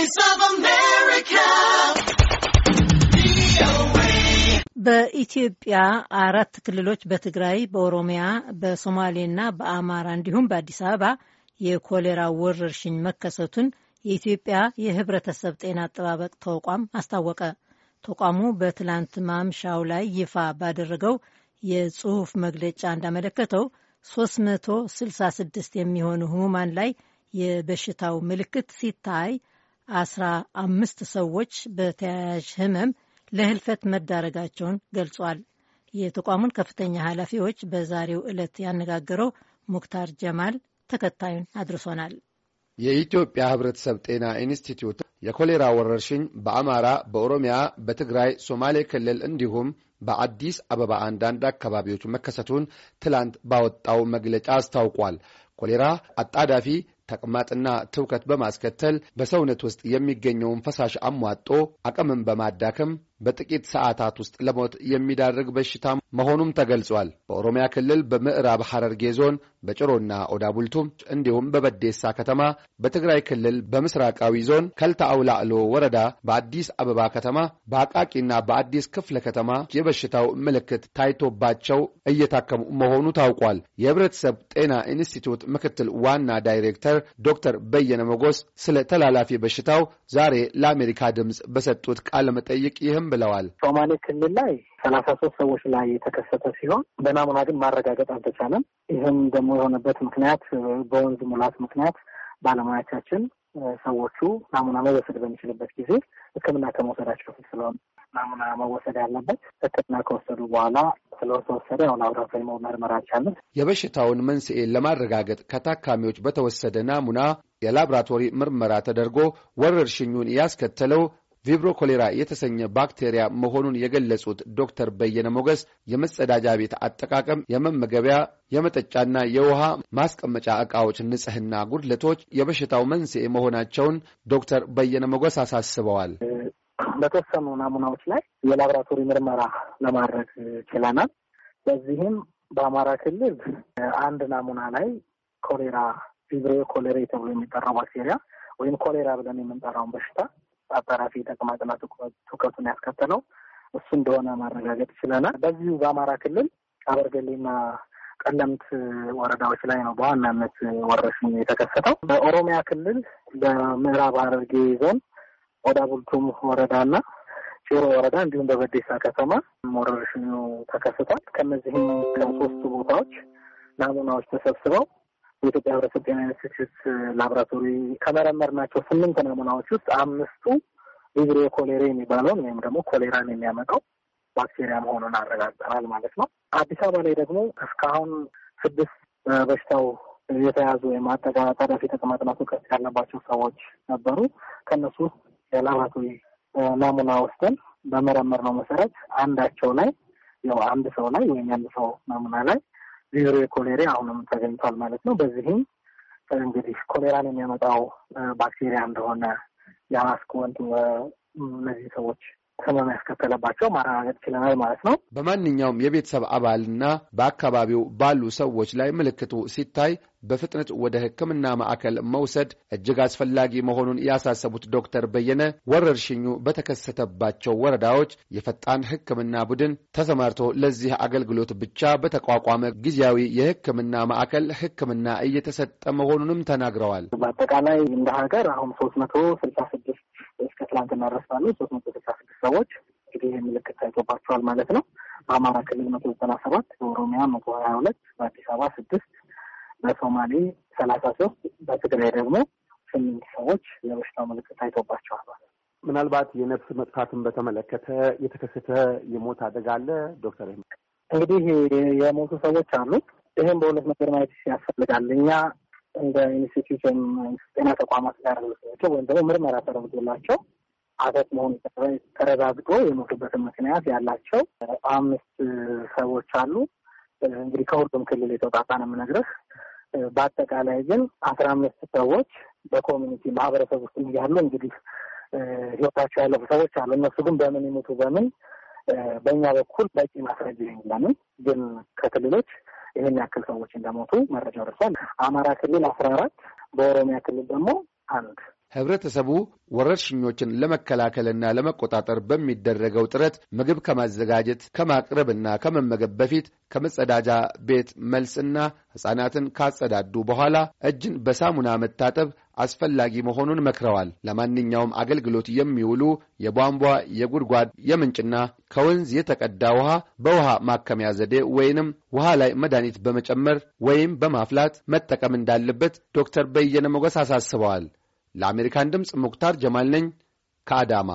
Voice of America. በኢትዮጵያ አራት ክልሎች በትግራይ፣ በኦሮሚያ፣ በሶማሌና በአማራ እንዲሁም በአዲስ አበባ የኮሌራ ወረርሽኝ መከሰቱን የኢትዮጵያ የሕብረተሰብ ጤና አጠባበቅ ተቋም አስታወቀ። ተቋሙ በትላንት ማምሻው ላይ ይፋ ባደረገው የጽሑፍ መግለጫ እንዳመለከተው 366 የሚሆኑ ህሙማን ላይ የበሽታው ምልክት ሲታይ አስራ አምስት ሰዎች በተያያዥ ህመም ለህልፈት መዳረጋቸውን ገልጿል። የተቋሙን ከፍተኛ ኃላፊዎች በዛሬው ዕለት ያነጋገረው ሙክታር ጀማል ተከታዩን አድርሶናል። የኢትዮጵያ ህብረተሰብ ጤና ኢንስቲትዩት የኮሌራ ወረርሽኝ በአማራ፣ በኦሮሚያ፣ በትግራይ፣ ሶማሌ ክልል እንዲሁም በአዲስ አበባ አንዳንድ አካባቢዎች መከሰቱን ትላንት ባወጣው መግለጫ አስታውቋል። ኮሌራ አጣዳፊ ተቅማጥና ትውከት በማስከተል በሰውነት ውስጥ የሚገኘውን ፈሳሽ አሟጦ አቅምን በማዳከም በጥቂት ሰዓታት ውስጥ ለሞት የሚዳርግ በሽታ መሆኑም ተገልጿል። በኦሮሚያ ክልል በምዕራብ ሐረርጌ ዞን በጭሮና ኦዳቡልቱም እንዲሁም በበዴሳ ከተማ፣ በትግራይ ክልል በምስራቃዊ ዞን ከልታ አውላዕሎ ወረዳ፣ በአዲስ አበባ ከተማ፣ በአቃቂና በአዲስ ክፍለ ከተማ የበሽታው ምልክት ታይቶባቸው እየታከሙ መሆኑ ታውቋል። የህብረተሰብ ጤና ኢንስቲትዩት ምክትል ዋና ዳይሬክተር ዶክተር በየነ መጎስ ስለ ተላላፊ በሽታው ዛሬ ለአሜሪካ ድምፅ በሰጡት ቃለ መጠይቅ ይህም ብለዋል። ሶማሌ ክልል ላይ ሰላሳ ሶስት ሰዎች ላይ የተከሰተ ሲሆን በናሙና ግን ማረጋገጥ አልተቻለም። ይህም ደግሞ የሆነበት ምክንያት በወንዝ ሙላት ምክንያት ባለሙያቻችን ሰዎቹ ናሙና መወሰድ በሚችልበት ጊዜ ሕክምና ከመውሰዳቸው ፊት ስለሆነ ናሙና መወሰድ ያለበት ሕክምና ከወሰዱ በኋላ ስለተወሰደ አሁን አብራሪ መመርመር አልቻለም። የበሽታውን መንስኤ ለማረጋገጥ ከታካሚዎች በተወሰደ ናሙና የላብራቶሪ ምርመራ ተደርጎ ወረርሽኙን ያስከተለው ቪብሮ ኮሌራ የተሰኘ ባክቴሪያ መሆኑን የገለጹት ዶክተር በየነ ሞገስ የመጸዳጃ ቤት አጠቃቀም፣ የመመገቢያ፣ የመጠጫና የውሃ ማስቀመጫ እቃዎች ንጽህና ጉድለቶች የበሽታው መንስኤ መሆናቸውን ዶክተር በየነ ሞገስ አሳስበዋል። በተወሰኑ ናሙናዎች ላይ የላብራቶሪ ምርመራ ለማድረግ ችለናል። በዚህም በአማራ ክልል አንድ ናሙና ላይ ኮሌራ ቪብሮ ኮሌሬ ተብሎ የሚጠራው ባክቴሪያ ወይም ኮሌራ ብለን የምንጠራውን በሽታ አጣራፊ ተቅማጥና ትውከቱን ያስከተለው እሱ እንደሆነ ማረጋገጥ ችለናል። በዚሁ በአማራ ክልል አበርገሌና ቀለምት ወረዳዎች ላይ ነው በዋናነት ወረርሽኙ የተከሰተው። በኦሮሚያ ክልል በምዕራብ ሐረርጌ ዞን ኦዳ ቡልቱም ወረዳና ጭሮ ወረዳ እንዲሁም በበዴሳ ከተማ ወረርሽኙ ተከስቷል። ከነዚህም ከሶስቱ ቦታዎች ናሙናዎች ተሰብስበው የኢትዮጵያ ህብረተሰብ ጤና ኢንስቲትዩት ላቦራቶሪ ናቸው ስምንት ናሙናዎች ውስጥ አምስቱ ቪብሪዮ ኮሌሬ የሚባለውን ወይም ደግሞ ኮሌራን የሚያመጣው ባክቴሪያ መሆኑን አረጋግጠናል ማለት ነው። አዲስ አበባ ላይ ደግሞ እስካሁን ስድስት በሽታው የተያዙ ወይም አጠቃጣዳፊ ተቅማጥና ሙቀት ያለባቸው ሰዎች ነበሩ። ከእነሱ የላቦራቶሪ ናሙና ወስደን በመረመር ነው መሰረት አንዳቸው ላይ ያው አንድ ሰው ላይ ወይም አንድ ሰው ናሙና ላይ ዜሮ የኮሌሪያ አሁንም ተገኝቷል ማለት ነው። በዚህም እንግዲህ ኮሌራን የሚያመጣው ባክቴሪያ እንደሆነ የማስክ ወንድ እነዚህ ሰዎች ህመም ያስከተለባቸው ማረጋገጥ ችለናል ማለት ነው። በማንኛውም የቤተሰብ አባልና በአካባቢው ባሉ ሰዎች ላይ ምልክቱ ሲታይ በፍጥነት ወደ ሕክምና ማዕከል መውሰድ እጅግ አስፈላጊ መሆኑን ያሳሰቡት ዶክተር በየነ ወረርሽኙ በተከሰተባቸው ወረዳዎች የፈጣን ሕክምና ቡድን ተሰማርቶ ለዚህ አገልግሎት ብቻ በተቋቋመ ጊዜያዊ የሕክምና ማዕከል ሕክምና እየተሰጠ መሆኑንም ተናግረዋል። በአጠቃላይ እንደ ሀገር አሁን ሶስት መቶ ስልሳ ስድስት እስከ ትላንትና ድረስ ሶስት መቶ ስልሳ ስድስት ሰዎች እንግዲህ ይህ ምልክት ታይቶባቸዋል ማለት ነው። በአማራ ክልል መቶ ዘጠና ሰባት በኦሮሚያ መቶ ሀያ ሁለት በአዲስ አበባ ስድስት በሶማሌ ሰላሳ ሶስት በትግራይ ደግሞ ስምንት ሰዎች የበሽታው ምልክት ታይቶባቸዋል ማለት ነው። ምናልባት የነፍስ መጥፋትን በተመለከተ የተከሰተ የሞት አደጋ አለ ዶክተር? እንግዲህ የሞቱ ሰዎች አሉ። ይህም በሁለት ነገር ማየት ያስፈልጋል። እኛ እንደ ኢንስቲትዩት ጤና ተቋማት ጋር ወይም ደግሞ ምርመራ ተደርጎላቸው አተት መሆኑ ተረጋግጦ የሞቱበትን ምክንያት ያላቸው አምስት ሰዎች አሉ። እንግዲህ ከሁሉም ክልል የተውጣጣ ነው የምነግርህ። በአጠቃላይ ግን አስራ አምስት ሰዎች በኮሚኒቲ ማህበረሰብ ውስጥ እያሉ እንግዲህ ህይወታቸው ያለፉ ሰዎች አሉ። እነሱ ግን በምን ይሞቱ በምን በእኛ በኩል በቂ ማስረጃ የለንም። ግን ከክልሎች ይህን ያክል ሰዎች እንደሞቱ መረጃ ደርሷል። አማራ ክልል አስራ አራት በኦሮሚያ ክልል ደግሞ አንድ ህብረተሰቡ ወረርሽኞችን ለመከላከልና ለመቆጣጠር በሚደረገው ጥረት ምግብ ከማዘጋጀት ከማቅረብና ከመመገብ በፊት ከመጸዳጃ ቤት መልስና ሕፃናትን ካጸዳዱ በኋላ እጅን በሳሙና መታጠብ አስፈላጊ መሆኑን መክረዋል። ለማንኛውም አገልግሎት የሚውሉ የቧንቧ፣ የጉድጓድ፣ የምንጭና ከወንዝ የተቀዳ ውሃ በውሃ ማከሚያ ዘዴ ወይንም ውሃ ላይ መድኃኒት በመጨመር ወይም በማፍላት መጠቀም እንዳለበት ዶክተር በየነ ሞገስ አሳስበዋል። ለአሜሪካን ድምፅ ሙክታር ጀማል ነኝ ከአዳማ